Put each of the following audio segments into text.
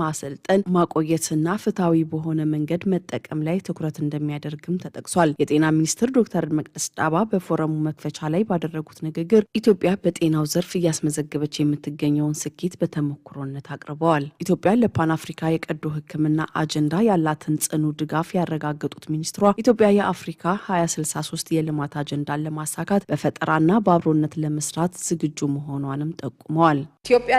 ማሰልጠን ማቆየትና ፍትሐዊ በሆነ መንገድ መጠቀም ላይ ትኩረት እንደሚያደርግም ተጠቅሷል። የጤና ሚኒስትር ዶክተር መቅደስ ዳባ በፎረሙ መክፈቻ ላይ ባደረጉት ንግግር ኢትዮጵያ በጤናው ዘርፍ እያስመዘገበች የምትገኘውን ስኬት በተሞክሮነት አቅርበዋል። ኢትዮጵያ ለፓን አፍሪካ የቀዶ ሕክምና አጀንዳ ያላትን ጽኑ ድጋፍ ያረጋገጡት ሚኒስትሯ ኢትዮጵያ የአፍሪካ 2063 የልማት አጀንዳን ለማሳካት በፈጠራና በአብሮነት ለመስራት ዝግጁ መሆኗንም ጠቁመዋል። ኢትዮጵያ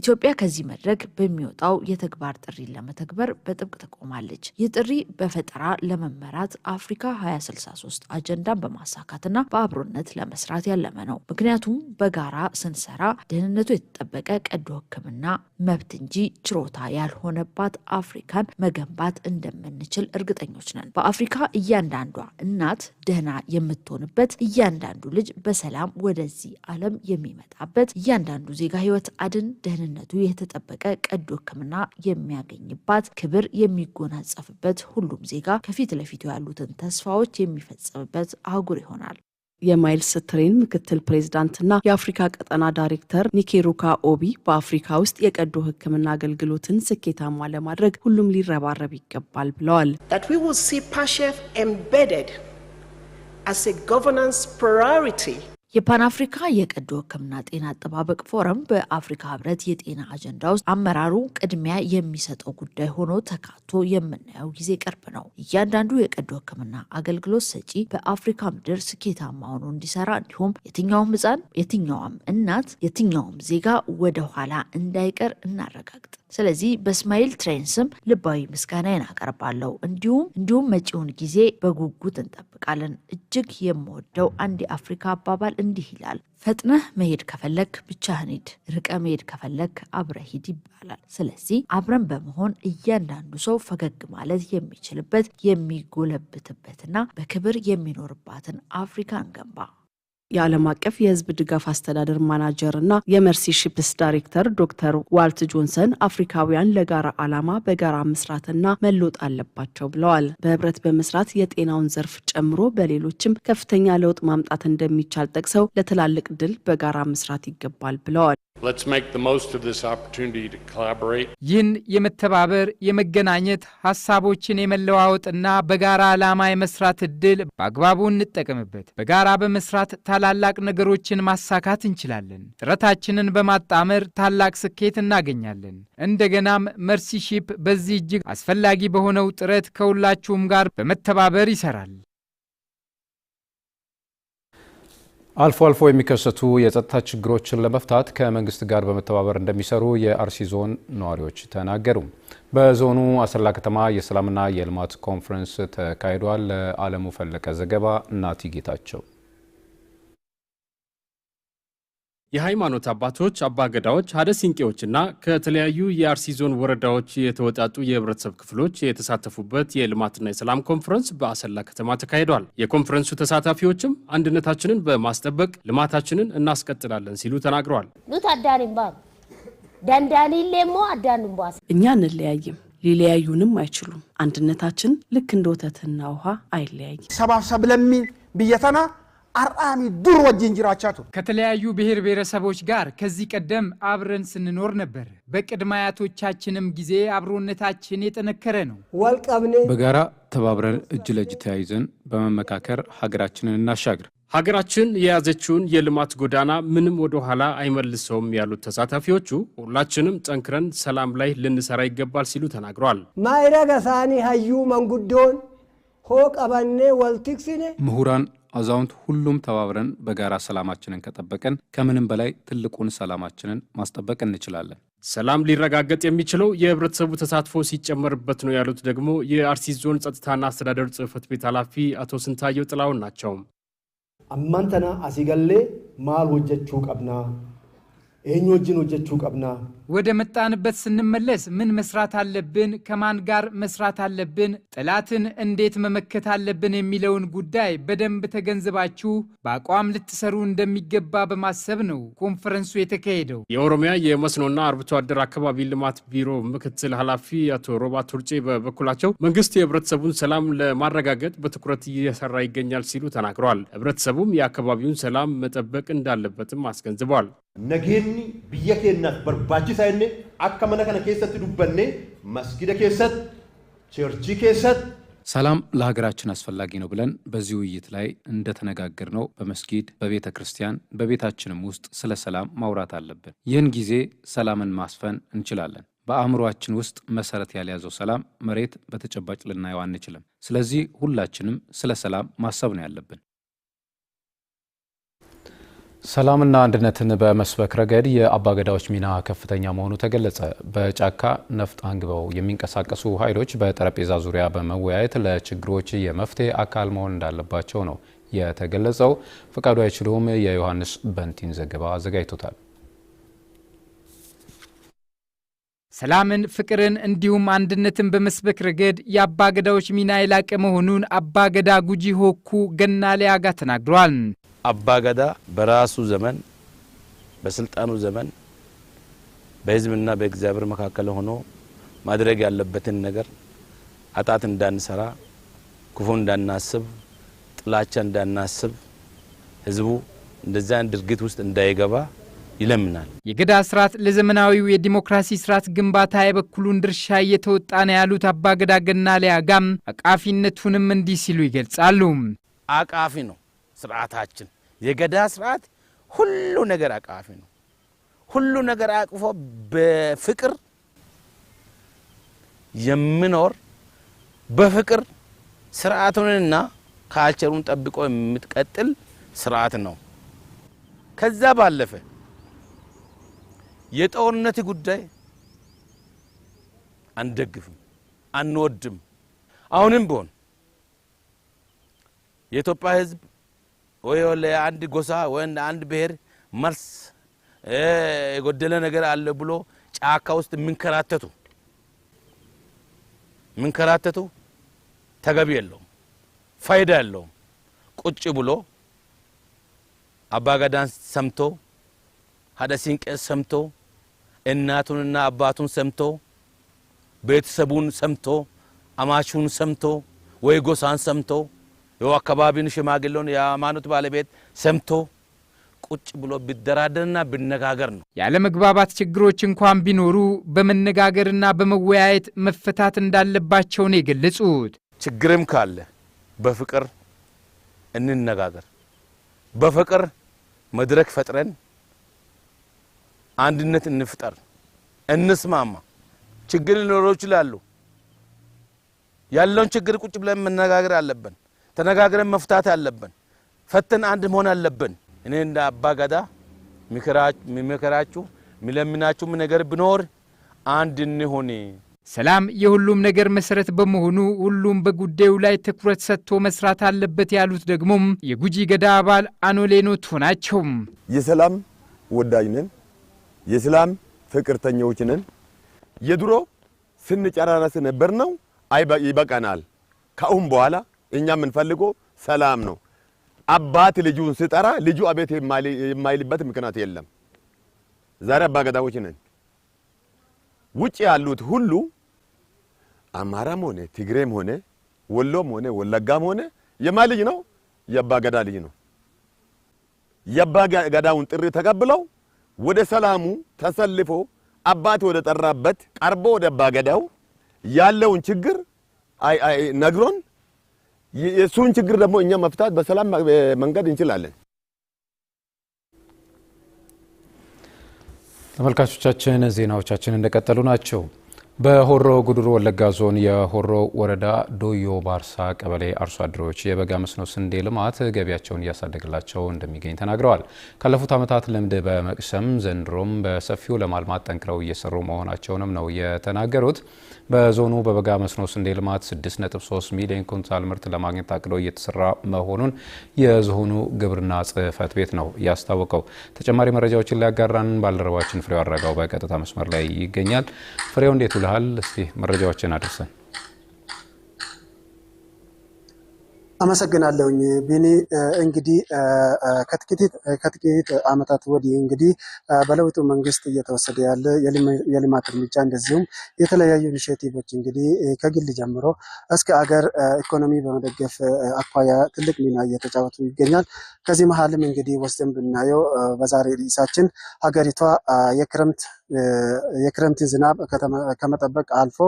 ኢትዮጵያ ከዚህ መድረክ በሚወጣው የተግባር ጥሪ ለመተግበር በጥብቅ ትቆማለች። ይህ ጥሪ በፈጠራ ለመመራት አፍሪካ 2063 አጀንዳን በማሳካትና በአብሮነት ለመስራት ያለመ ነው። ምክንያቱም በጋራ ስንሰራ ደህንነቱ የተጠበቀ ቀዶ ሕክምና መብት እንጂ ችሮታ ያልሆነባት አፍሪካን መገንባት እንደምንችል እርግጠኞች ነን። በአፍሪካ እያንዳንዷ እናት ደህና የምትሆንበት፣ እያንዳንዱ ልጅ በሰላም ወደዚህ ዓለም የሚመጣበት፣ እያንዳንዱ ዜጋ ህይወት አድን ግን ደህንነቱ የተጠበቀ ቀዶ ሕክምና የሚያገኝባት ክብር የሚጎናጸፍበት ሁሉም ዜጋ ከፊት ለፊቱ ያሉትን ተስፋዎች የሚፈጸምበት አህጉር ይሆናል። የማይልስ ትሬን ምክትል ፕሬዝዳንትና የአፍሪካ ቀጠና ዳይሬክተር ኒኬሩካ ኦቢ በአፍሪካ ውስጥ የቀዶ ሕክምና አገልግሎትን ስኬታማ ለማድረግ ሁሉም ሊረባረብ ይገባል ብለዋል። ፓሸፍ ኤምቤደድ አስ ኤ ጎቨርናንስ ፕራዮሪቲ የፓን አፍሪካ የቀዶ ሕክምና ጤና አጠባበቅ ፎረም በአፍሪካ ህብረት የጤና አጀንዳ ውስጥ አመራሩ ቅድሚያ የሚሰጠው ጉዳይ ሆኖ ተካቶ የምናየው ጊዜ ቅርብ ነው። እያንዳንዱ የቀዶ ሕክምና አገልግሎት ሰጪ በአፍሪካ ምድር ስኬታማ ሆኖ እንዲሰራ እንዲሁም የትኛውም ህፃን የትኛውም እናት፣ የትኛውም ዜጋ ወደ ኋላ እንዳይቀር እናረጋግጥ። ስለዚህ በእስማኤል ትሬን ስም ልባዊ ምስጋናዬን አቀርባለሁ። እንዲሁም እንዲሁም መጪውን ጊዜ በጉጉት እንጠብቃለን። እጅግ የምወደው አንድ የአፍሪካ አባባል እንዲህ ይላል፣ ፈጥነህ መሄድ ከፈለግ ብቻህን ሂድ፣ ርቀ መሄድ ከፈለክ አብረህ ሂድ ይባላል። ስለዚህ አብረን በመሆን እያንዳንዱ ሰው ፈገግ ማለት የሚችልበት የሚጎለብትበትና በክብር የሚኖርባትን አፍሪካን ገንባ። የዓለም አቀፍ የህዝብ ድጋፍ አስተዳደር ማናጀር እና የመርሲ ሺፕስ ዳይሬክተር ዶክተር ዋልት ጆንሰን አፍሪካውያን ለጋራ ዓላማ በጋራ መስራትና መለወጥ አለባቸው ብለዋል። በህብረት በመስራት የጤናውን ዘርፍ ጨምሮ በሌሎችም ከፍተኛ ለውጥ ማምጣት እንደሚቻል ጠቅሰው ለትላልቅ ድል በጋራ መስራት ይገባል ብለዋል። ይህን የመተባበር የመገናኘት ሀሳቦችን የመለዋወጥና በጋራ ዓላማ የመስራት እድል በአግባቡ እንጠቀምበት። በጋራ በመስራት ታላላቅ ነገሮችን ማሳካት እንችላለን። ጥረታችንን በማጣመር ታላቅ ስኬት እናገኛለን። እንደገናም መርሲ ሺፕ በዚህ እጅግ አስፈላጊ በሆነው ጥረት ከሁላችሁም ጋር በመተባበር ይሰራል። አልፎ አልፎ የሚከሰቱ የጸጥታ ችግሮችን ለመፍታት ከመንግስት ጋር በመተባበር እንደሚሰሩ የአርሲ ዞን ነዋሪዎች ተናገሩ። በዞኑ አሰላ ከተማ የሰላምና የልማት ኮንፈረንስ ተካሂዷል። ለአለሙ ፈለቀ ዘገባ እናቲ ጌታቸው የሃይማኖት አባቶች፣ አባገዳዎች፣ ሀደ ሲንቄዎችና ከተለያዩ የአርሲ ዞን ወረዳዎች የተወጣጡ የህብረተሰብ ክፍሎች የተሳተፉበት የልማትና የሰላም ኮንፈረንስ በአሰላ ከተማ ተካሂዷል። የኮንፈረንሱ ተሳታፊዎችም አንድነታችንን በማስጠበቅ ልማታችንን እናስቀጥላለን ሲሉ ተናግረዋል። ሉት አዳኒምባ ሌሞ ሞ አዳኑምባስ እኛ እንለያይም ሊለያዩንም አይችሉም። አንድነታችን ልክ እንደ ወተትና ውሃ አይለያይም። ሰባሰብ ለሚ ብየተና አርአሚ ዱር ወጅ እንጅራቻቱ ከተለያዩ ብሔር ብሔረሰቦች ጋር ከዚህ ቀደም አብረን ስንኖር ነበር። በቅድመ አያቶቻችንም ጊዜ አብሮነታችን የጠነከረ ነው። ወልቀብኔ በጋራ ተባብረን እጅ ለእጅ ተያይዘን በመመካከር ሀገራችንን እናሻግር። ሀገራችን የያዘችውን የልማት ጎዳና ምንም ወደ ኋላ አይመልሰውም ያሉት ተሳታፊዎቹ ሁላችንም ጠንክረን ሰላም ላይ ልንሰራ ይገባል ሲሉ ተናግረዋል። ማይረገሳኒ ሀዩ መንጉዶን ሆቀበኔ ወልቲክሲኔ ምሁራን አዛውንት ሁሉም ተባብረን በጋራ ሰላማችንን ከጠበቀን ከምንም በላይ ትልቁን ሰላማችንን ማስጠበቅ እንችላለን። ሰላም ሊረጋገጥ የሚችለው የህብረተሰቡ ተሳትፎ ሲጨመርበት ነው ያሉት ደግሞ የአርሲ ዞን ጸጥታና አስተዳደር ጽህፈት ቤት ኃላፊ አቶ ስንታየው ጥላውን ናቸው። አማንተና አሲገሌ ማል ወጀችው ቀብና ይህኞ እጅን ወጀቹ ቀብና ወደ መጣንበት ስንመለስ ምን መስራት አለብን፣ ከማን ጋር መስራት አለብን፣ ጠላትን እንዴት መመከት አለብን የሚለውን ጉዳይ በደንብ ተገንዝባችሁ በአቋም ልትሰሩ እንደሚገባ በማሰብ ነው ኮንፈረንሱ የተካሄደው። የኦሮሚያ የመስኖና አርብቶ አደር አካባቢ ልማት ቢሮ ምክትል ኃላፊ አቶ ሮባ ቱርጬ በበኩላቸው መንግስት የህብረተሰቡን ሰላም ለማረጋገጥ በትኩረት እየሰራ ይገኛል ሲሉ ተናግረዋል። ህብረተሰቡም የአካባቢውን ሰላም መጠበቅ እንዳለበትም አስገንዝበዋል። nageenyi biyya keenyaaf barbaachisaa inni akka mana kana keessatti dubbanne masgida keessatti ቸርች ከሰት ሰላም ለሀገራችን አስፈላጊ ነው ብለን በዚህ ውይይት ላይ ነው በመስጊድ፣ በቤተ ክርስቲያን፣ በቤታችንም ውስጥ ስለ ሰላም ማውራት አለብን። ይህን ጊዜ ሰላምን ማስፈን እንችላለን። በአእምሯችን ውስጥ መሰረት ያልያዘው ሰላም መሬት በተጨባጭ ልናየው አንችልም። ስለዚህ ሁላችንም ስለ ሰላም ማሰብ ነው ያለብን። ሰላምና አንድነትን በመስበክ ረገድ የአባገዳዎች ሚና ከፍተኛ መሆኑ ተገለጸ። በጫካ ነፍጥ አንግበው የሚንቀሳቀሱ ኃይሎች በጠረጴዛ ዙሪያ በመወያየት ለችግሮች የመፍትሄ አካል መሆን እንዳለባቸው ነው የተገለጸው። ፈቃዱ አይችሉም የዮሐንስ በንቲን ዘገባ አዘጋጅቶታል። ሰላምን፣ ፍቅርን እንዲሁም አንድነትን በመስበክ ረገድ የአባገዳዎች ሚና የላቀ መሆኑን አባገዳ ጉጂ ሆኩ ገና ሊያጋ ተናግረዋል። አባገዳ በራሱ ዘመን በስልጣኑ ዘመን በህዝብና በእግዚአብሔር መካከል ሆኖ ማድረግ ያለበትን ነገር አጣት እንዳንሰራ፣ ክፉ እንዳናስብ፣ ጥላቻ እንዳናስብ ህዝቡ እንደዚያን ድርጊት ውስጥ እንዳይገባ ይለምናል። የገዳ ስርዓት ለዘመናዊው የዲሞክራሲ ስርዓት ግንባታ የበኩሉን ድርሻ እየተወጣ ነው ያሉት አባገዳ ገና ሊያጋም አቃፊነቱንም እንዲህ ሲሉ ይገልጻሉ። አቃፊ ነው ስርዓታችን የገዳ ስርዓት ሁሉ ነገር አቃፊ ነው። ሁሉ ነገር አቅፎ በፍቅር የምኖር በፍቅር ስርዓቱንና ካልቸሩን ጠብቆ የምትቀጥል ስርዓት ነው። ከዛ ባለፈ የጦርነት ጉዳይ አንደግፍም፣ አንወድም። አሁንም ቢሆን የኢትዮጵያ ሕዝብ ወይ ለአንድ ጎሳ ወይ አንድ ብሔር መልስ የጎደለ ነገር አለ ብሎ ጫካ ውስጥ የምንከራተቱ የሚንከራተቱ ተገቢ የለውም፣ ፋይዳ የለውም። ቁጭ ብሎ አባገዳን ሰምቶ ሀደ ሲንቄ ሰምቶ እናቱንና አባቱን ሰምቶ ቤተሰቡን ሰምቶ አማቹን ሰምቶ ወይ ጎሳን ሰምቶ አካባቢውን ሽማግሌውን የሃይማኖት ባለቤት ሰምቶ ቁጭ ብሎ ቢደራደርና ቢነጋገር ነው። ያለመግባባት ችግሮች እንኳን ቢኖሩ በመነጋገርና በመወያየት መፈታት እንዳለባቸው ነው የገለጹት። ችግርም ካለ በፍቅር እንነጋገር፣ በፍቅር መድረክ ፈጥረን አንድነት እንፍጠር፣ እንስማማ። ችግር ሊኖረው ይችላሉ። ያለውን ችግር ቁጭ ብለን መነጋገር አለብን። ተነጋግረን መፍታት አለብን። ፈተን አንድ መሆን አለብን። እኔ እንደ አባገዳ ሚመከራችሁ የሚለምናችሁም ነገር ብኖር አንድ እንሆን። ሰላም የሁሉም ነገር መሰረት በመሆኑ ሁሉም በጉዳዩ ላይ ትኩረት ሰጥቶ መስራት አለበት ያሉት ደግሞም የጉጂ ገዳ አባል አኖሌኖቶ ናቸው። የሰላም ወዳጅ ነን፣ የሰላም ፍቅርተኞች ነን። የድሮ ስንጨራረስ ነበር ነው ይበቃናል። ከአሁን በኋላ እኛ የምንፈልገው ሰላም ነው። አባት ልጁን ሲጠራ ልጁ አቤት የማይልበት ምክንያት የለም። ዛሬ አባ ነን። ውጭ ያሉት ሁሉ አማራም ሆነ ትግሬም ሆነ ወሎም ሆነ ወለጋም ሆነ የማ ልጅ ነው የአባ ልጅ ነው። የአባገዳውን ጥሪ ተቀብለው ወደ ሰላሙ ተሰልፎ አባት ወደ ጠራበት ቀርቦ ወደ አባገዳው ያለውን ችግር ነግሮን የእሱን ችግር ደግሞ እኛ መፍታት በሰላም መንገድ እንችላለን። ተመልካቾቻችን ዜናዎቻችን እንደቀጠሉ ናቸው። በሆሮ ጉድሩ ወለጋ ዞን የሆሮ ወረዳ ዶዮ ባርሳ ቀበሌ አርሶ አደሮች የበጋ መስኖ ስንዴ ልማት ገቢያቸውን እያሳደግላቸው እንደሚገኝ ተናግረዋል። ካለፉት ዓመታት ልምድ በመቅሰም ዘንድሮም በሰፊው ለማልማት ጠንክረው እየሰሩ መሆናቸውንም ነው የተናገሩት። በዞኑ በበጋ መስኖ ስንዴ ልማት 6.3 ሚሊዮን ኩንታል ምርት ለማግኘት አቅዶ እየተሰራ መሆኑን የዞኑ ግብርና ጽሕፈት ቤት ነው ያስታወቀው። ተጨማሪ መረጃዎችን ሊያጋራን ባልደረባችን ፍሬው አረጋው በቀጥታ መስመር ላይ ይገኛል። ፍሬው እንዴት ይዘሃል። እስቲ መረጃዎችን አድርሰን አመሰግናለሁኝ ቢኒ እንግዲህ ከጥቂት ዓመታት ወዲህ እንግዲህ በለውጡ መንግስት እየተወሰደ ያለ የልማት እርምጃ እንደዚሁም የተለያዩ ኢኒሽቲቮች እንግዲህ ከግል ጀምሮ እስከ አገር ኢኮኖሚ በመደገፍ አኳያ ትልቅ ሚና እየተጫወቱ ይገኛል። ከዚህ መሀልም እንግዲህ ወስደን ብናየው በዛሬ ርዕሳችን ሀገሪቷ የክረምት የክረምትን ዝናብ ከመጠበቅ አልፎ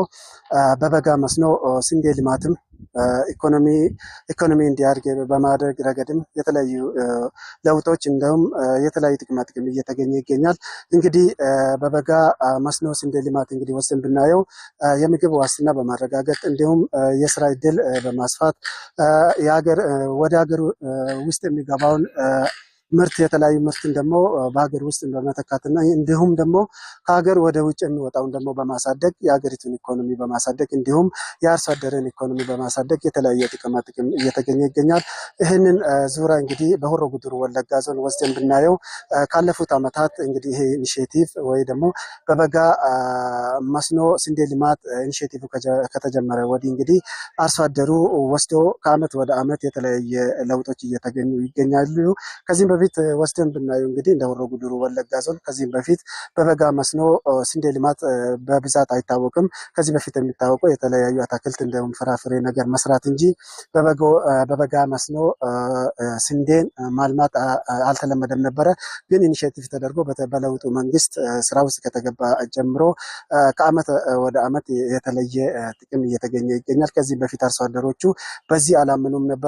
በበጋ መስኖ ስንዴ ልማትም ኢኮኖሚ እንዲያድግ በማድረግ ረገድም የተለያዩ ለውጦች እንደውም የተለያዩ ጥቅማ ጥቅም እየተገኘ ይገኛል። እንግዲህ በበጋ መስኖ ስንዴ ልማት እንግዲህ ወስን ብናየው የምግብ ዋስትና በማረጋገጥ እንዲሁም የስራ እድል በማስፋት የሀገር ወደ ሀገር ውስጥ የሚገባውን ምርት የተለያዩ ምርትን ደግሞ በሀገር ውስጥ በመተካትና እንዲሁም ደግሞ ከሀገር ወደ ውጭ የሚወጣውን ደግሞ በማሳደግ የሀገሪቱን ኢኮኖሚ በማሳደግ እንዲሁም የአርሶ አደርን ኢኮኖሚ በማሳደግ የተለያየ ጥቅማ ጥቅም እየተገኘ ይገኛል። ይህንን ዙሪያ እንግዲህ በሆሮ ጉድሩ ወለጋ ዞን ወስደን ብናየው ካለፉት ዓመታት እንግዲህ ይሄ ኢኒሽቲቭ ወይ ደግሞ በበጋ መስኖ ስንዴ ልማት ኢኒሽቲቭ ከተጀመረ ወዲህ እንግዲህ አርሶ አደሩ ወስዶ ከአመት ወደ አመት የተለያየ ለውጦች እየተገኙ ይገኛሉ። ከዚህም በፊት ወስደን ብናየው እንግዲህ እንደ ሆሮ ጉዱሩ ወለጋ ዞን ከዚህም በፊት በበጋ መስኖ ስንዴ ልማት በብዛት አይታወቅም። ከዚህ በፊት የሚታወቀው የተለያዩ አታክልት እንዲሁም ፍራፍሬ ነገር መስራት እንጂ በበጋ መስኖ ስንዴን ማልማት አልተለመደም ነበረ። ግን ኢኒሽቲቭ ተደርጎ በለውጡ መንግስት ስራ ውስጥ ከተገባ ጀምሮ ከአመት ወደ አመት የተለየ ጥቅም እየተገኘ ይገኛል። ከዚህም በፊት አርሶ አደሮቹ በዚህ አላምኑም ነበረ።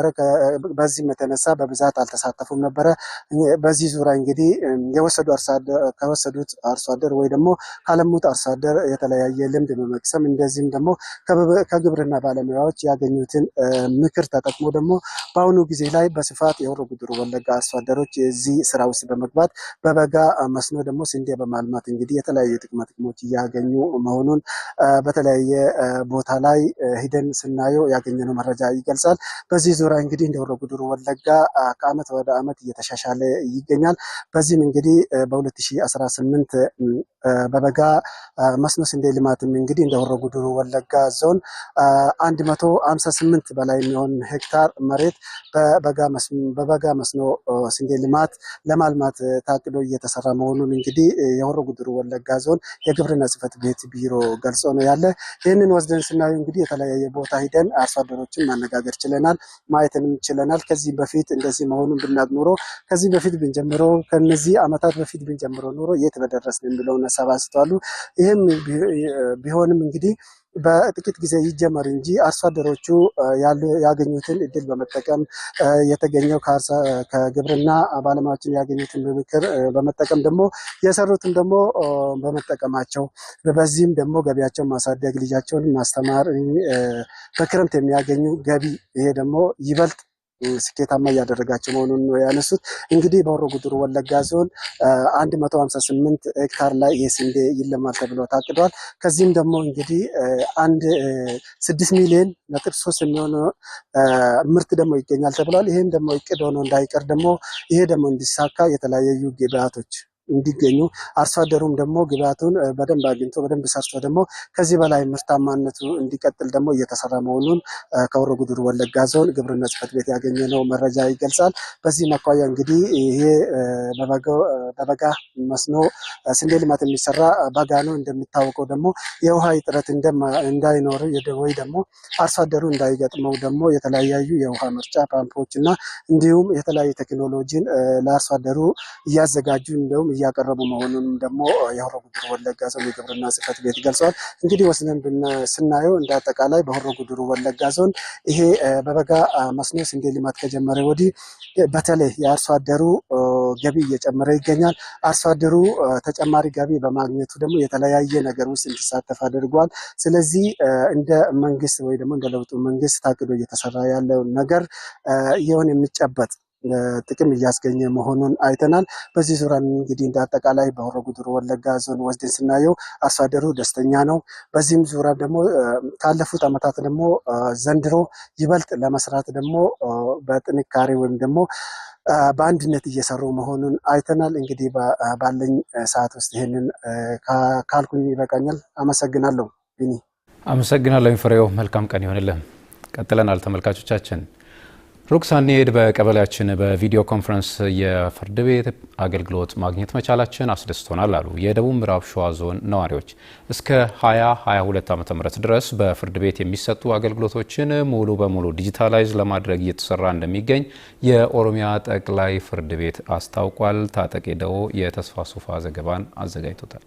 በዚህም የተነሳ በብዛት አልተሳተፉም ነበረ። በዚህ ዙሪያ እንግዲህ የወሰዱ ከወሰዱት አርሶ አደር ወይ ደግሞ ካለሙት አርሶ አደር የተለያየ ልምድ በመቅሰም እንደዚህም ደግሞ ከግብርና ባለሙያዎች ያገኙትን ምክር ተጠቅሞ ደግሞ በአሁኑ ጊዜ ላይ በስፋት የሆሮ ጉዱሩ ወለጋ አርሶ አደሮች የዚህ ስራ ውስጥ በመግባት በበጋ መስኖ ደግሞ ስንዴ በማልማት እንግዲህ የተለያዩ ጥቅማ ጥቅሞች እያገኙ መሆኑን በተለያየ ቦታ ላይ ሂደን ስናየው ያገኘነው መረጃ ይገልጻል። በዚህ ዙሪያ እንግዲህ እንደ ሆሮ ጉዱሩ ወለጋ ከአመት ወደ አመት እየተሻሻለ እየተሻሻለ ይገኛል። በዚህም እንግዲህ በ2018 በበጋ መስኖ ስንዴ ልማትም እንግዲህ እንደ ሆሮ ጉዱሩ ወለጋ ዞን 158 በላይ የሚሆን ሄክታር መሬት በበጋ መስኖ ስንዴ ልማት ለማልማት ታቅዶ እየተሰራ መሆኑን እንግዲህ የሆሮ ጉዱሩ ወለጋ ዞን የግብርና ጽሕፈት ቤት ቢሮ ገልጾ ነው ያለ። ይህንን ወስደን ስናዩ እንግዲህ የተለያየ ቦታ ሂደን አርሶ አደሮችን ማነጋገር ችለናል፣ ማየትንም ችለናል። ከዚህ በፊት እንደዚህ መሆኑን ብናቅ ኖሮ ከዚህ በፊት ብንጀምረው ከነዚህ አመታት በፊት ብንጀምረው ኖሮ የት በደረስን የሚለውን ሀሳብ አንስተዋል። ይህም ቢሆንም እንግዲህ በጥቂት ጊዜ ይጀመር እንጂ አርሶ አደሮቹ ያገኙትን እድል በመጠቀም የተገኘው ከግብርና ባለሙያዎችን ያገኙትን ምክር በመጠቀም ደግሞ የሰሩትን ደግሞ በመጠቀማቸው በዚህም ደግሞ ገቢያቸውን ማሳደግ፣ ልጃቸውን ማስተማር፣ በክረምት የሚያገኙ ገቢ ይሄ ደግሞ ይበልጥ ስኬታማ እያደረጋቸው መሆኑን ነው ያነሱት። እንግዲህ በሆሮ ጉዱሩ ወለጋ ዞን 158 ሄክታር ላይ የስንዴ ይለማል ተብሎ ታቅዷል። ከዚህም ደግሞ እንግዲህ አንድ ስድስት ሚሊዮን ነጥብ ሶስት የሚሆኑ ምርት ደግሞ ይገኛል ተብሏል። ይህም ደግሞ እቅድ ሆኖ እንዳይቀር ደግሞ ይሄ ደግሞ እንዲሳካ የተለያዩ ግብአቶች እንዲገኙ አርሶ አደሩም ደግሞ ግብአቱን በደንብ አግኝቶ በደንብ ሰርቶ ደግሞ ከዚህ በላይ ምርታማነቱ እንዲቀጥል ደግሞ እየተሰራ መሆኑን ከሆሮ ጉዱሩ ወለጋ ዞን ግብርና ጽሕፈት ቤት ያገኘነው መረጃ ይገልጻል። በዚህ አኳያ እንግዲህ ይሄ በበጋ መስኖ ስንዴ ልማት የሚሰራ በጋ ነው። እንደሚታወቀው ደግሞ የውሃ እጥረት እንዳይኖር ወይ ደግሞ አርሶ አደሩ እንዳይገጥመው ደግሞ የተለያዩ የውሃ መርጫ ፓምፖች እና እንዲሁም የተለያዩ ቴክኖሎጂን ለአርሶ አደሩ እያዘጋጁ እንዲሁም እያቀረቡ መሆኑንም ደግሞ የሆሮ ጉድሩ ወለጋ ዞን የግብርና ጽሕፈት ቤት ገልጸዋል። እንግዲህ ወስደን ስናየው እንደ አጠቃላይ በሆሮ ጉድሩ ወለጋ ዞን ይሄ በበጋ መስኖ ስንዴ ልማት ከጀመረ ወዲህ በተለይ የአርሶ አደሩ ገቢ እየጨመረ ይገኛል። አርሶ አደሩ ተጨማሪ ገቢ በማግኘቱ ደግሞ የተለያየ ነገር ውስጥ እንዲሳተፍ አድርጓል። ስለዚህ እንደ መንግስት ወይ ደግሞ እንደ ለውጡ መንግስት ታቅዶ እየተሰራ ያለው ነገር ይሆን የሚጨበጥ ጥቅም እያስገኘ መሆኑን አይተናል። በዚህ ዙሪያ እንግዲህ እንደ አጠቃላይ በሆሮ ጉዱሩ ወለጋ ዞን ወስደን ስናየው አርሶ አደሩ ደስተኛ ነው። በዚህም ዙሪያ ደግሞ ካለፉት ዓመታት ደግሞ ዘንድሮ ይበልጥ ለመስራት ደግሞ በጥንካሬ ወይም ደግሞ በአንድነት እየሰሩ መሆኑን አይተናል። እንግዲህ ባለኝ ሰዓት ውስጥ ይህንን ካልኩኝ ይበቃኛል። አመሰግናለሁ። አመሰግናለሁ ፍሬው። መልካም ቀን ይሆንልህ። ቀጥለናል ተመልካቾቻችን ሩክሳኔ በቀበሌያችን በቪዲዮ ኮንፈረንስ የፍርድ ቤት አገልግሎት ማግኘት መቻላችን አስደስቶናል አሉ የደቡብ ምዕራብ ሸዋ ዞን ነዋሪዎች። እስከ 2022 ም ድረስ በፍርድ ቤት የሚሰጡ አገልግሎቶችን ሙሉ በሙሉ ዲጂታላይዝ ለማድረግ እየተሰራ እንደሚገኝ የኦሮሚያ ጠቅላይ ፍርድ ቤት አስታውቋል። ታጠቅ ደው የተስፋ ሱፋ ዘገባን አዘጋጅቶታል።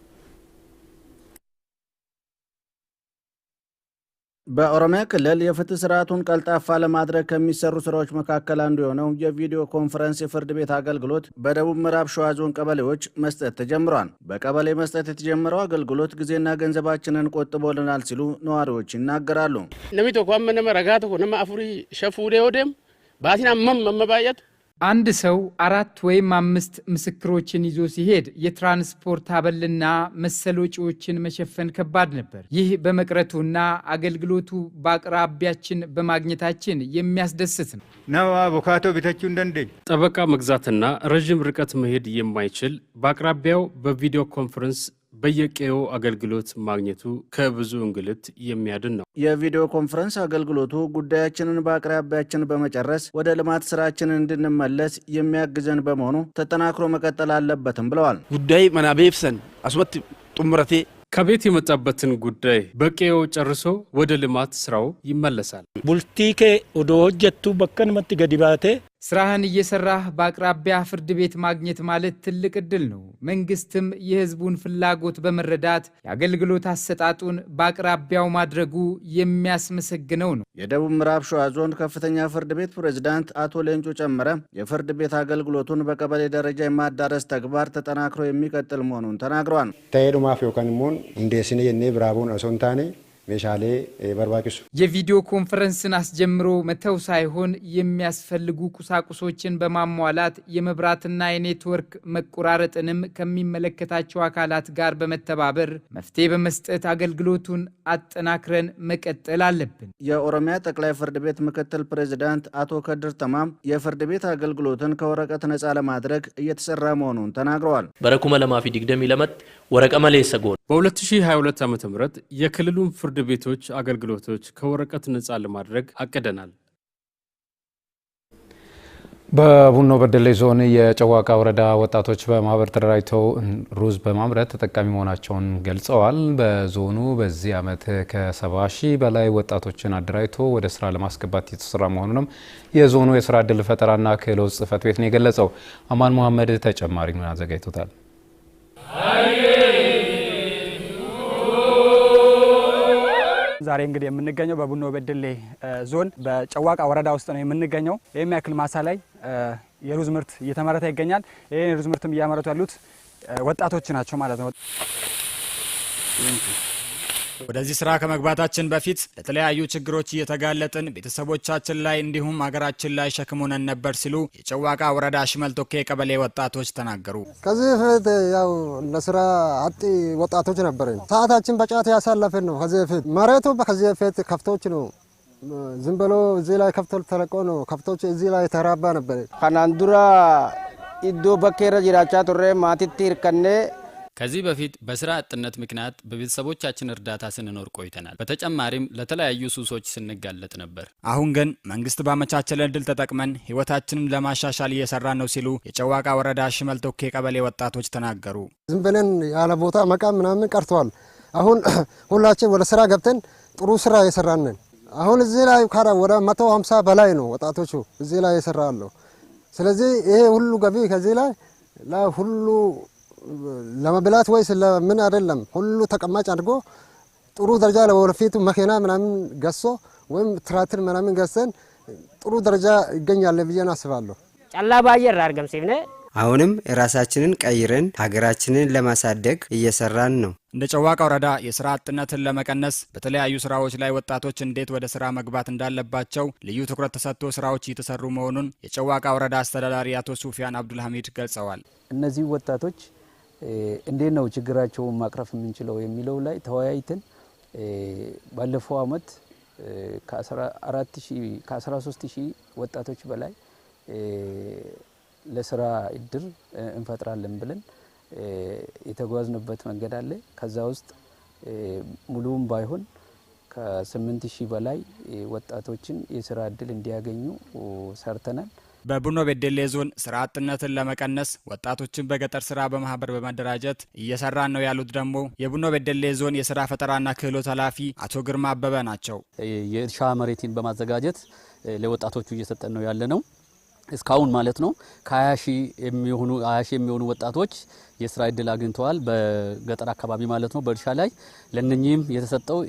በኦሮሚያ ክልል የፍትህ ስርዓቱን ቀልጣፋ ለማድረግ ከሚሰሩ ስራዎች መካከል አንዱ የሆነው የቪዲዮ ኮንፈረንስ የፍርድ ቤት አገልግሎት በደቡብ ምዕራብ ሸዋ ዞን ቀበሌዎች መስጠት ተጀምሯል። በቀበሌ መስጠት የተጀመረው አገልግሎት ጊዜና ገንዘባችንን ቆጥቦልናል ሲሉ ነዋሪዎች ይናገራሉ። ነሚቶ ቶኮ ነመ ነመ አፉሪ ሸፉ ዴ ባሲና መም መመባየት አንድ ሰው አራት ወይም አምስት ምስክሮችን ይዞ ሲሄድ የትራንስፖርት አበልና መሰል ወጪዎችን መሸፈን ከባድ ነበር። ይህ በመቅረቱና አገልግሎቱ በአቅራቢያችን በማግኘታችን የሚያስደስት ነው። ነው አቮካቶ ቤታችሁ እንደንደኝ ጠበቃ መግዛትና ረዥም ርቀት መሄድ የማይችል በአቅራቢያው በቪዲዮ ኮንፈረንስ በየቀዩ አገልግሎት ማግኘቱ ከብዙ እንግልት የሚያድን ነው። የቪዲዮ ኮንፈረንስ አገልግሎቱ ጉዳያችንን በአቅራቢያችን በመጨረስ ወደ ልማት ስራችን እንድንመለስ የሚያግዘን በመሆኑ ተጠናክሮ መቀጠል አለበትም ብለዋል። ጉዳይ መናቤብሰን አስመት ጡምረቴ ከቤት የመጣበትን ጉዳይ በቀዮ ጨርሶ ወደ ልማት ስራው ይመለሳል። ቡልቲኬ ወደ ወጀቱ በከን መት ገዲባቴ ስራህን እየሰራህ በአቅራቢያ ፍርድ ቤት ማግኘት ማለት ትልቅ እድል ነው። መንግስትም የህዝቡን ፍላጎት በመረዳት የአገልግሎት አሰጣጡን በአቅራቢያው ማድረጉ የሚያስመሰግነው ነው። የደቡብ ምዕራብ ሸዋ ዞን ከፍተኛ ፍርድ ቤት ፕሬዝዳንት አቶ ሌንጮ ጨመረ የፍርድ ቤት አገልግሎቱን በቀበሌ ደረጃ የማዳረስ ተግባር ተጠናክሮ የሚቀጥል መሆኑን ተናግረዋል። ከንሞን ዮከንሞን ስኔ የኔ ብራቡን አሶንታኔ ሜሻሌ በርባቂሱ የቪዲዮ ኮንፈረንስን አስጀምሮ መተው ሳይሆን የሚያስፈልጉ ቁሳቁሶችን በማሟላት የመብራትና የኔትወርክ መቆራረጥንም ከሚመለከታቸው አካላት ጋር በመተባበር መፍትሄ በመስጠት አገልግሎቱን አጠናክረን መቀጠል አለብን። የኦሮሚያ ጠቅላይ ፍርድ ቤት ምክትል ፕሬዚዳንት አቶ ከድር ተማም የፍርድ ቤት አገልግሎትን ከወረቀት ነፃ ለማድረግ እየተሰራ መሆኑን ተናግረዋል። በረኩመ ለማፊ ዲግደሚ ለመት ወረቀ መሌሰ በ2022 ዓ ም የክልሉን ፍርድ ቤቶች አገልግሎቶች ከወረቀት ነፃ ለማድረግ አቅደናል። በቡኖ በደሌ ዞን የጨዋቃ ወረዳ ወጣቶች በማህበር ተደራጅተው ሩዝ በማምረት ተጠቃሚ መሆናቸውን ገልጸዋል። በዞኑ በዚህ ዓመት ከ ሺህ በላይ ወጣቶችን አደራጅቶ ወደ ስራ ለማስገባት የተሰራ መሆኑንም የዞኑ የስራ እድል ፈጠራና ክህሎት ጽህፈት ቤት ነው የገለጸው። አማን መሐመድ ተጨማሪ ምን አዘጋጅቶታል? ዛሬ እንግዲህ የምንገኘው በቡኖ በደሌ ዞን በጨዋቃ ወረዳ ውስጥ ነው የምንገኘው። ይህም ያክል ማሳ ላይ የሩዝ ምርት እየተመረተ ይገኛል። ይህን የሩዝ ምርትም እያመረቱ ያሉት ወጣቶች ናቸው ማለት ነው። ወደዚህ ስራ ከመግባታችን በፊት ለተለያዩ ችግሮች እየተጋለጥን ቤተሰቦቻችን ላይ እንዲሁም ሀገራችን ላይ ሸክም ነበር ሲሉ የጨዋቃ ወረዳ ሽመልቶኬ ቀበሌ ወጣቶች ተናገሩ። ከዚህ በፊት ያው ለስራ አጥ ወጣቶች ነበርን። ሰዓታችን በጫት ያሳለፍን ነው። ከዚህ በፊት መሬቱ ከዚህ በፊት ከፍቶች ነው ዝም ብሎ እዚህ ላይ ከፍቶ ተለቆ ነው ከፍቶች እዚህ ላይ ተራባ ነበር ከናንዱራ ኢዶ በኬረ ጅራቻ ቱሬ ማቲቲር ከኔ ከዚህ በፊት በስራ አጥነት ምክንያት በቤተሰቦቻችን እርዳታ ስንኖር ቆይተናል። በተጨማሪም ለተለያዩ ሱሶች ስንጋለጥ ነበር። አሁን ግን መንግስት ባመቻቸለን እድል ተጠቅመን ህይወታችንን ለማሻሻል እየሰራ ነው ሲሉ የጨዋቃ ወረዳ ሽመልቶኬ ቀበሌ ወጣቶች ተናገሩ። ዝም ብለን ያለ ቦታ መቃም ምናምን ቀርተዋል። አሁን ሁላችን ወደ ስራ ገብተን ጥሩ ስራ እየሰራንን አሁን እዚህ ላይ ካራ ወደ መቶ ሀምሳ በላይ ነው ወጣቶቹ እዚህ ላይ የሰራለሁ። ስለዚህ ይሄ ሁሉ ገቢ ከዚህ ላይ ሁሉ ለመብላት ወይስ ለምን አይደለም። ሁሉ ተቀማጭ አድርጎ ጥሩ ደረጃ ለወደፊቱ መኪና ምናምን ገሶ ወይም ትራትን ምናምን ገሰን ጥሩ ደረጃ ይገኛል ብዬ አስባለሁ። ጫላ ባየር አርገም ሲብነ አሁንም ራሳችንን ቀይረን ሀገራችንን ለማሳደግ እየሰራን ነው። እንደ ጨዋቃ ወረዳ የስራ አጥነትን ለመቀነስ በተለያዩ ስራዎች ላይ ወጣቶች እንዴት ወደ ስራ መግባት እንዳለባቸው ልዩ ትኩረት ተሰጥቶ ስራዎች እየተሰሩ መሆኑን የጨዋቃ ወረዳ አስተዳዳሪ አቶ ሱፊያን አብዱልሐሚድ ገልጸዋል። እነዚህ ወጣቶች እንዴት ነው ችግራቸውን ማቅረፍ የምንችለው የሚለው ላይ ተወያይተን ባለፈው አመት ከ13 ሺህ ወጣቶች በላይ ለስራ እድል እንፈጥራለን ብለን የተጓዝንበት መንገድ አለ። ከዛ ውስጥ ሙሉውም ባይሆን ከ8 ሺህ በላይ ወጣቶችን የስራ እድል እንዲያገኙ ሰርተናል። በቡኖ ቤደሌ ዞን ስራ አጥነትን ለመቀነስ ወጣቶችን በገጠር ስራ በማህበር በመደራጀት እየሰራን ነው ያሉት ደግሞ የቡኖ ቤደሌ ዞን የስራ ፈጠራና ክህሎት ኃላፊ አቶ ግርማ አበበ ናቸው። የእርሻ መሬትን በማዘጋጀት ለወጣቶቹ እየሰጠን ነው ያለ ነው። እስካሁን ማለት ነው ከ20 የሚሆኑ 20 የሚሆኑ ወጣቶች የስራ እድል አግኝተዋል። በገጠር አካባቢ ማለት ነው በእርሻ ላይ ለነኚህም የተሰጠው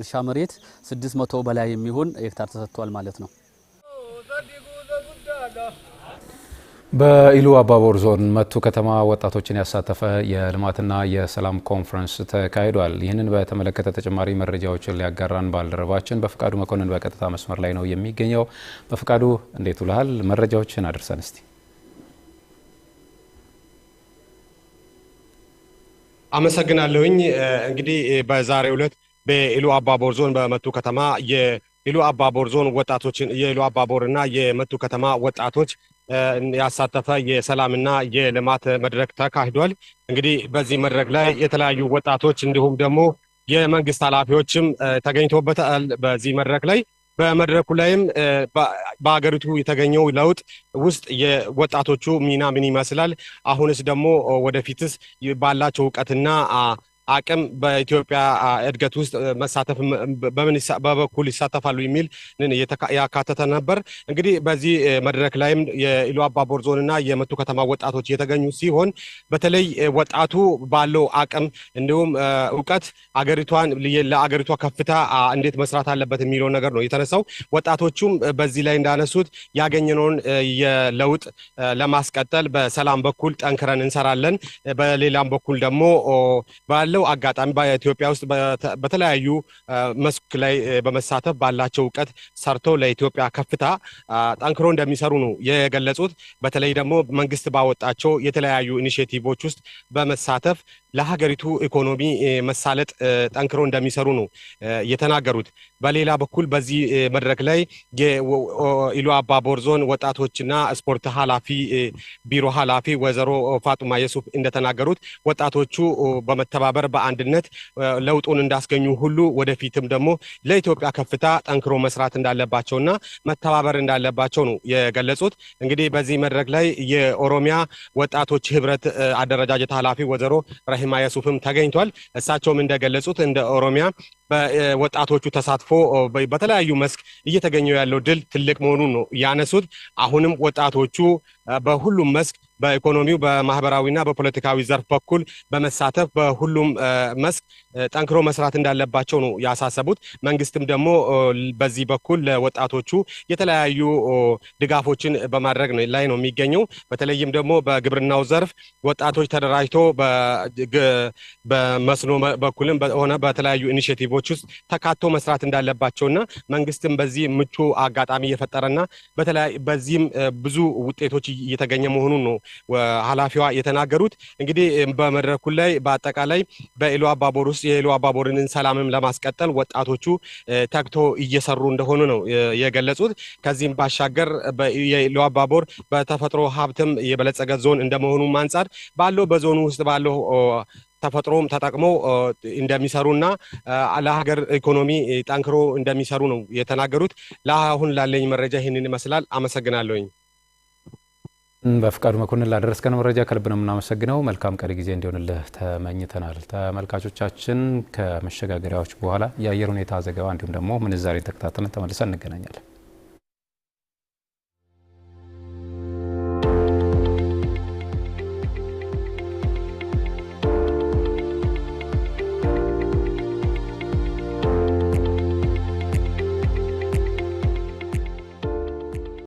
እርሻ መሬት 600 በላይ የሚሆን ሄክታር ተሰጥቷል ማለት ነው። በኢሉ አባቦር ዞን መቱ ከተማ ወጣቶችን ያሳተፈ የልማትና የሰላም ኮንፈረንስ ተካሂዷል። ይህንን በተመለከተ ተጨማሪ መረጃዎችን ሊያጋራን ባልደረባችን በፍቃዱ መኮንን በቀጥታ መስመር ላይ ነው የሚገኘው። በፍቃዱ እንዴት ውልሃል? መረጃዎችን አድርሰን እስቲ። አመሰግናለሁኝ። እንግዲህ በዛሬው ዕለት በኢሉ አባቦር ዞን በመቱ ከተማ ኢሉ አባቦር ዞን ወጣቶችን የኢሉ አባቦር እና የመቱ ከተማ ወጣቶች ያሳተፈ የሰላምና የልማት መድረክ ተካሂዷል። እንግዲህ በዚህ መድረክ ላይ የተለያዩ ወጣቶች እንዲሁም ደግሞ የመንግስት ኃላፊዎችም ተገኝቶበታል። በዚህ መድረክ ላይ በመድረኩ ላይም በሀገሪቱ የተገኘው ለውጥ ውስጥ የወጣቶቹ ሚና ምን ይመስላል፣ አሁንስ ደግሞ ወደፊትስ ባላቸው እውቀትና አቅም በኢትዮጵያ እድገት ውስጥ መሳተፍ በበኩል ይሳተፋሉ የሚል ያካተተ ነበር። እንግዲህ በዚህ መድረክ ላይም የኢሉ አባቦር ዞንና የመቱ ከተማ ወጣቶች የተገኙ ሲሆን በተለይ ወጣቱ ባለው አቅም እንዲሁም እውቀት አገሪቷን ለአገሪቷ ከፍታ እንዴት መስራት አለበት የሚለው ነገር ነው የተነሳው። ወጣቶቹም በዚህ ላይ እንዳነሱት ያገኘነውን የለውጥ ለማስቀጠል በሰላም በኩል ጠንክረን እንሰራለን፣ በሌላም በኩል ደግሞ ባለው ባለው አጋጣሚ በኢትዮጵያ ውስጥ በተለያዩ መስክ ላይ በመሳተፍ ባላቸው እውቀት ሰርቶ ለኢትዮጵያ ከፍታ ጠንክሮ እንደሚሰሩ ነው የገለጹት። በተለይ ደግሞ መንግስት ባወጣቸው የተለያዩ ኢኒሽቲቮች ውስጥ በመሳተፍ ለሀገሪቱ ኢኮኖሚ መሳለጥ ጠንክሮ እንደሚሰሩ ነው የተናገሩት። በሌላ በኩል በዚህ መድረክ ላይ የኢሉ አባቦር ዞን ወጣቶችና ስፖርት ኃላፊ ቢሮ ኃላፊ ወይዘሮ ፋጡማ የሱፍ እንደተናገሩት ወጣቶቹ በመተባበር በአንድነት ለውጡን እንዳስገኙ ሁሉ ወደፊትም ደግሞ ለኢትዮጵያ ከፍታ ጠንክሮ መስራት እንዳለባቸውና መተባበር እንዳለባቸው ነው የገለጹት። እንግዲህ በዚህ መድረክ ላይ የኦሮሚያ ወጣቶች ህብረት አደረጃጀት ኃላፊ ወይዘሮ ዝማያ ሱፍም ተገኝቷል። እሳቸውም እንደገለጹት እንደ ኦሮሚያ በወጣቶቹ ተሳትፎ በተለያዩ መስክ እየተገኘው ያለው ድል ትልቅ መሆኑን ነው ያነሱት። አሁንም ወጣቶቹ በሁሉም መስክ በኢኮኖሚው በማህበራዊና በፖለቲካዊ ዘርፍ በኩል በመሳተፍ በሁሉም መስክ ጠንክሮ መስራት እንዳለባቸው ነው ያሳሰቡት። መንግስትም ደግሞ በዚህ በኩል ለወጣቶቹ የተለያዩ ድጋፎችን በማድረግ ላይ ነው የሚገኘው። በተለይም ደግሞ በግብርናው ዘርፍ ወጣቶች ተደራጅቶ በመስኖ በኩልም ሆነ በተለያዩ ኢኒሽቲቮች ውስጥ ተካቶ መስራት እንዳለባቸውና መንግስትም በዚህ ምቹ አጋጣሚ እየፈጠረና በዚህም ብዙ ውጤቶች እየተገኘ መሆኑን ነው ኃላፊዋ የተናገሩት እንግዲህ በመድረኩ ላይ በአጠቃላይ በኢሉ አባቦር ውስጥ የኢሉ አባቦርንን ሰላምም ለማስቀጠል ወጣቶቹ ተግቶ እየሰሩ እንደሆኑ ነው የገለጹት። ከዚህም ባሻገር የኢሉ አባቦር በተፈጥሮ ሀብትም የበለጸገ ዞን እንደመሆኑ አንጻር ባለው በዞኑ ውስጥ ባለው ተፈጥሮም ተጠቅመው እንደሚሰሩና ለሀገር ኢኮኖሚ ጠንክሮ እንደሚሰሩ ነው የተናገሩት። ለአሁን ላለኝ መረጃ ይህንን ይመስላል። አመሰግናለሁኝ። በፍቃዱ መኮንን ላደረስከን መረጃ ከልብ ነው የምናመሰግነው። መልካም ቀሪ ጊዜ እንዲሆንልህ ተመኝተናል። ተመልካቾቻችን ከመሸጋገሪያዎች በኋላ የአየር ሁኔታ ዘገባ እንዲሁም ደግሞ ምንዛሬ ተከታተለን ተመልሰን እንገናኛለን።